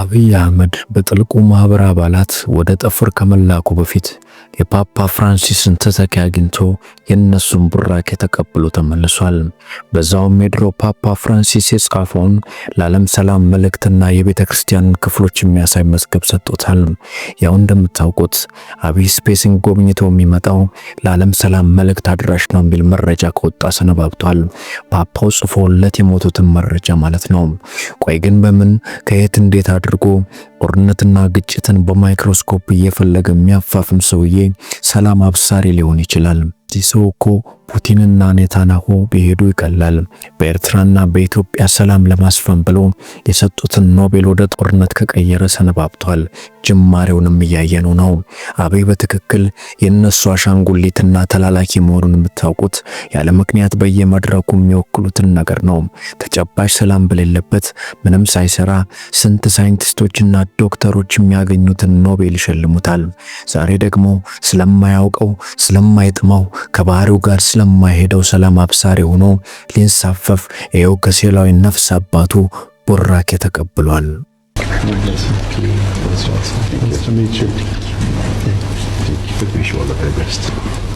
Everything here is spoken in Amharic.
አብይ አህመድ በጥልቁ ማህበር አባላት ወደ ጠፍር ከመላኩ በፊት የፓፓ ፍራንሲስን ተተኪ አግኝቶ የእነሱን ቡራኬ ተቀብሎ ተመልሷል። በዛውም የድሮ ፓፓ ፍራንሲስ የጻፈውን ለዓለም ሰላም መልእክትና የቤተ ክርስቲያንን ክፍሎች የሚያሳይ መዝገብ ሰጥቶታል። ያው እንደምታውቁት አብይ ስፔስን ጎብኝቶ የሚመጣው ለዓለም ሰላም መልእክት አድራሽ ነው የሚል መረጃ ከወጣ ሰነባብቷል። ፓፓው ጽፎለት የሞቱትን መረጃ ማለት ነው። ቆይ ግን በምን ከየት እንዴት አድርጎ ጦርነትና ግጭትን በማይክሮስኮፕ እየፈለገ የሚያፋፍም ሰውዬ ሰላም አብሳሪ ሊሆን ይችላል። እዚህ ሰው እኮ ፑቲንና ኔታናሆ ቢሄዱ ይቀላል። በኤርትራና በኢትዮጵያ ሰላም ለማስፈን ብለው የሰጡትን ኖቤል ወደ ጦርነት ከቀየረ ሰነባብቷል። ጅማሬውንም እያየኑ ነው። አቤ በትክክል የእነሱ አሻንጉሊትና ተላላኪ መሆኑን የምታውቁት ያለ ምክንያት በየመድረኩ የሚወክሉትን ነገር ነው። ተጨባጭ ሰላም በሌለበት ምንም ሳይሰራ ስንት ሳይንቲስቶችና ዶክተሮች የሚያገኙትን ኖቤል ይሸልሙታል። ዛሬ ደግሞ ስለማያውቀው ስለማይጥመው ከባህሪው ጋር ስለማይሄደው ሰላም አብሳሪ ሆኖ ሊንሳፈፍ ይኸው ከሴላዊ ነፍስ አባቱ ቡራኬ ተቀብሏል። Nice to meet you. Thank you. Wish you all the very best.